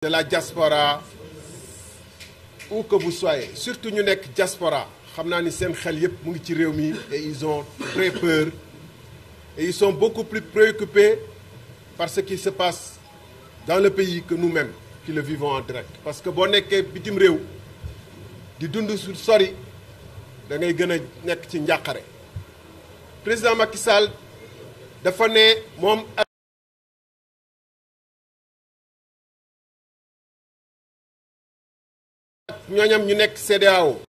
de la jaspora où que soyez surtout ñu nekk jaspora xam naa ni seen xel yépp mu ngi ci réew mi et ils ont très peur et ils sont beaucoup plus préoccupés par qui se passe dans le pays que nous-mêmes qui le vivons en parce que boo nekkee bitim réew di dund su sori da ngay gën a nekk ci njàqare président Macky dafa ne moom ñooñam ñu nekk CEDEAO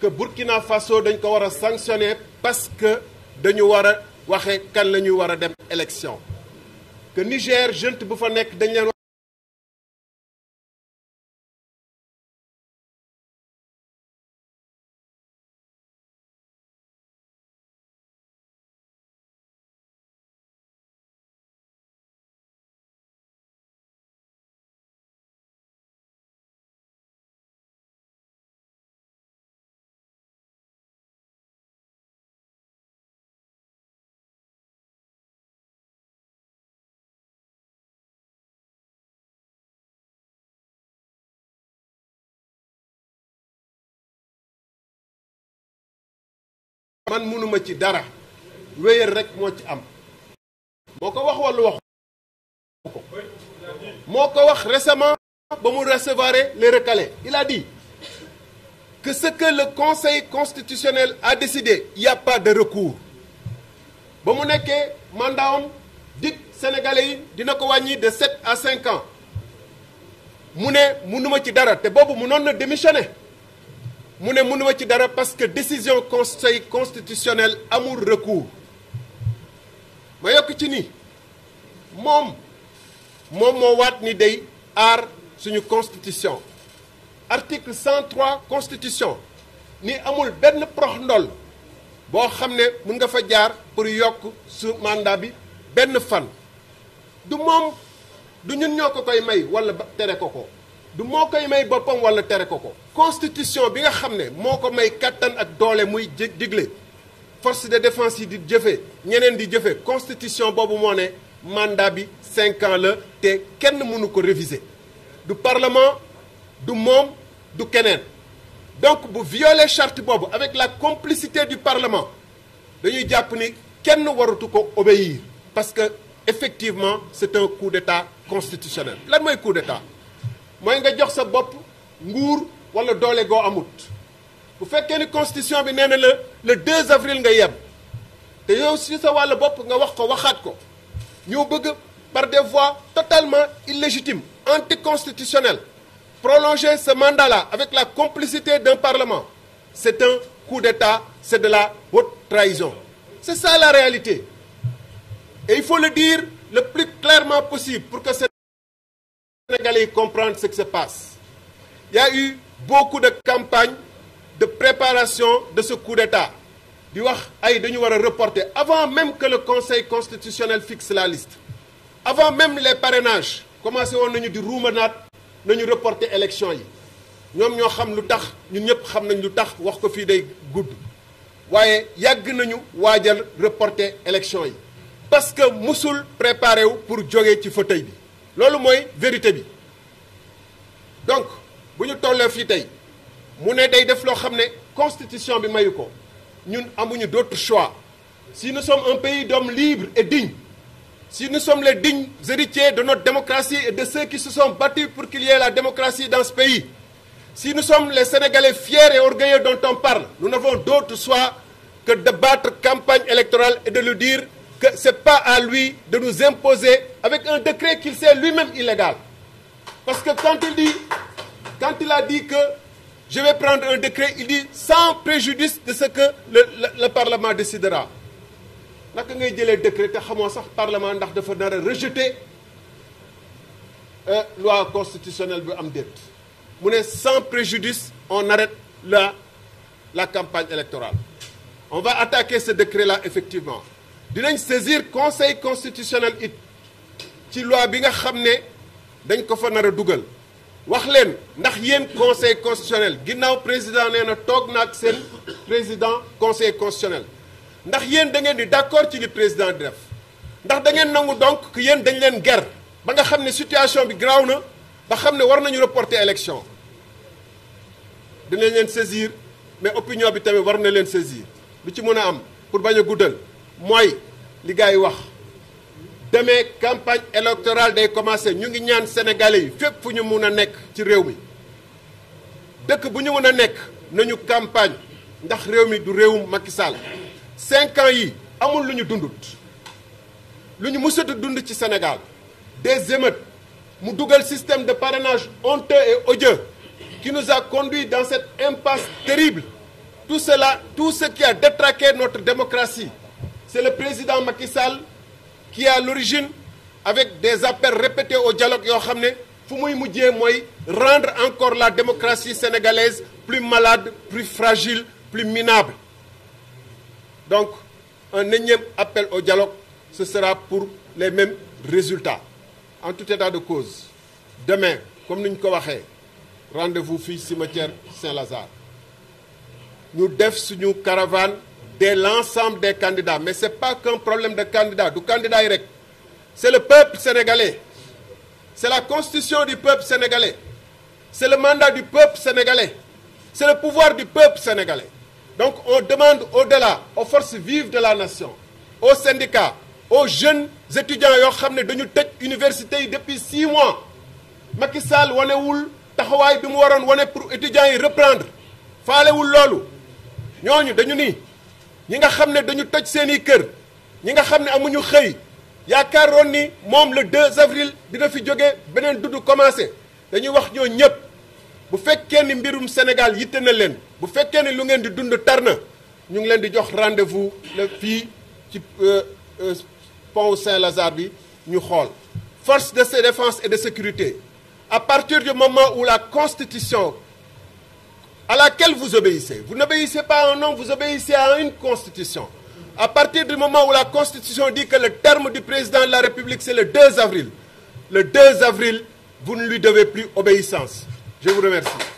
que Burkina Faso dañ ko war a sanctionner parce que dañu war a waxe kan lañuy ñuy war a dem élection que Niger junte bu fa nekk dañ leen man mënuma ci dara wéyal rek moo ci am moo ko wax wala waxu moo ko wax récemment ba mu recevoir les recalés il a dit que ce le conseil constitutionnel a décidé yàppa y a ba mu nekkee mandatam dig sénégalais yi dina ko wàññi de sept à cinq mu ne mënuma ci dara te boobu mu noon na démissionner mu ne mënuma ci dara parce que décision conseil constitutionnel amul recours ma yokk ci ni moom moom moo waat ni day aar suñu constitution article 103 constitution ni amul benn prox ndol boo xam ne mun nga fa jaar pour yokk su mandat bi benn fan du moom du ñun ñoo ko koy may walla tere ko ko du moo koy may boppam wala tere ko ko constitution bi nga xam ne moo ko may kattan ak doole muy digle force de défense yi di jëfee ñeneen di jëfee constitution boobu moo ne mandat bi cinq ans la te kenn mënu ko réviser du parlement du moom du keneen donc bu violer charte boobu avec la complicité du parlement dañuy jàpp ni kenn waratu ko obéir parce que effectivement c'est un coup d'état constitutionnel lan mooy coup d'état mooy nga jox sa bopp nguur wala doole goo amut bu fekkee ni constitution bi nee na la le 2 avril nga yem te yow si sa wàll bopp nga wax ko waxaat ko ñoo bëgg par des voies totalement illégitimes anticonstitutionnelles prolonger ce mandat-là avec la complicité d'un parlement c'est un coup d'État c'est de la haute trahison c'est ça la réalité et faut le dire le plus clairement possible pour que Sénégalais yi comprendre ce qui se passe il y a de campagnes de préparation de ce coup d'État di wax ay dañu war a reporter avant même que le Conseil constitutionnel fixe la liste avant même les parrainages commencé woon nañu di naat nañu reporter élection yi ñoom ñoo xam lu tax ñun ñëpp xam nañ lu tax wax ko fii day gudd waaye yàgg nañu waajal reporter élection yi parce que mosul préparé wu pour jóge ci fauteuil bi loolu mooy vérité bi donc bu ñu tollee fii tey mu ne day def loo xam ne constitution bi mayu ko ñun amuñu d'autre choix si nous sommes un pays d'hommes libres et dignes si nous sommes les dignes héritiers de notre démocratie et de ceux qui se pour qu'il y ait la démocratie dans ce pays si nous sommes les Sénégalais fiers et orgueilleux dont on parle nous n'avons d'autre choix que de battre campagne électorale et de lui dire que c'est pas à lui de nous imposer avec un décret qu'il sait lui-même illégal. Parce que quand il dit, quand il a dit que je vais prendre un décret, il dit sans préjudice de ce que le, le, le Parlement décidera. naka ngay jëlee décret te xamoo sax Parlement ndax defa nara a rejeter euh, loi constitutionnelle bi am déet mu ne sans préjudice on arrête la la campagne électorale on va attaquer ce décret là effectivement dinañ saisir Conseil constitutionnel it ci loi bi nga xam ne dañ ko fa nar dugal wax leen ndax yéen conseil constitutionnel ginnaaw président nee na toog naag seen président conseil constitutionnel ndax yéen da ngeen di d'accord ci li président di def ndax da ngeen nangu donc que yéen dañ leen ger ba nga xam ne situation bi graaw na ba xam ne war nañu reporter élection dinañ leen saisir mais opinion bi tamit war na leen saisir lu ci mën a am pour bañ a guddal mooy li yi wax demee campagne électorale day commencé ñu ngi ñaan sénégalais yi fépp fu ñu mun a nekk ci réew mi dëkk bu ñu mun a nekk nañu campagne ndax réew mi du réewum Macky Sall cinq ans yi amul lu ñu dundut lu ñu mësatu dund ci Sénégal des émeutes mu dugal système de parrainage honteux et odieux qui nous a conduit dans cette impasse terrible tout cela tout ce qui a détraqué notre démocratie c'est le président Macky Sall qui est à l'origine avec des appels répétés au dialogue yoo xam ne fu muy mujjee mooy rendre encore la démocratie sénégalaise plus malade plus fragile plus minable donc un énième appel au dialogue ce sera pour les mêmes résultats en tout état de cause demain comme ni ñu ko waxee rendez-vous fii cimetière Saint-Lazare ñu def suñu caravane de l'ensemble des candidats mais c'est pas qu'un problème de candidat du candidat yi rek c'est le peuple sénégalais c'est la constitution du peuple sénégalais c'est le mandat du peuple sénégalais c'est le pouvoir du peuple sénégalais donc on demande au-delà aux force vives de la nation aux syndicats aux jeunes étudiants yoo xam ne dañu tëj université yi depuis six mois Macky Sall wanewul taxawaay bi mu waroon wane pour étudiants yi reprendre faalewul loolu ñooñu dañu nii ñi nga xam ne dañu toj seeni kër ñi nga xam ne amuñu xëy yaakaar yaakaaroon ni moom la 2 avril dina fi jóge beneen dudd commencé dañuy wax ñoo ñëpp bu fekkee ni mbirum Sénégal yitte na leen bu fekkee ni lu ngeen di dund tar ñu ngi leen di jox rendez-vous la fii ci euh, euh, pont Saint-Lazare bi ñu xool force de défense et de sécurité à partir du moment où la constitution à laquelle vous obéissez. Vous n'obéissez pas un homme, vous obéissez à une constitution. À partir du moment où la constitution dit que le terme du président de la République, c'est le 2 avril, le 2 avril, vous ne lui devez plus obéissance. Je vous remercie.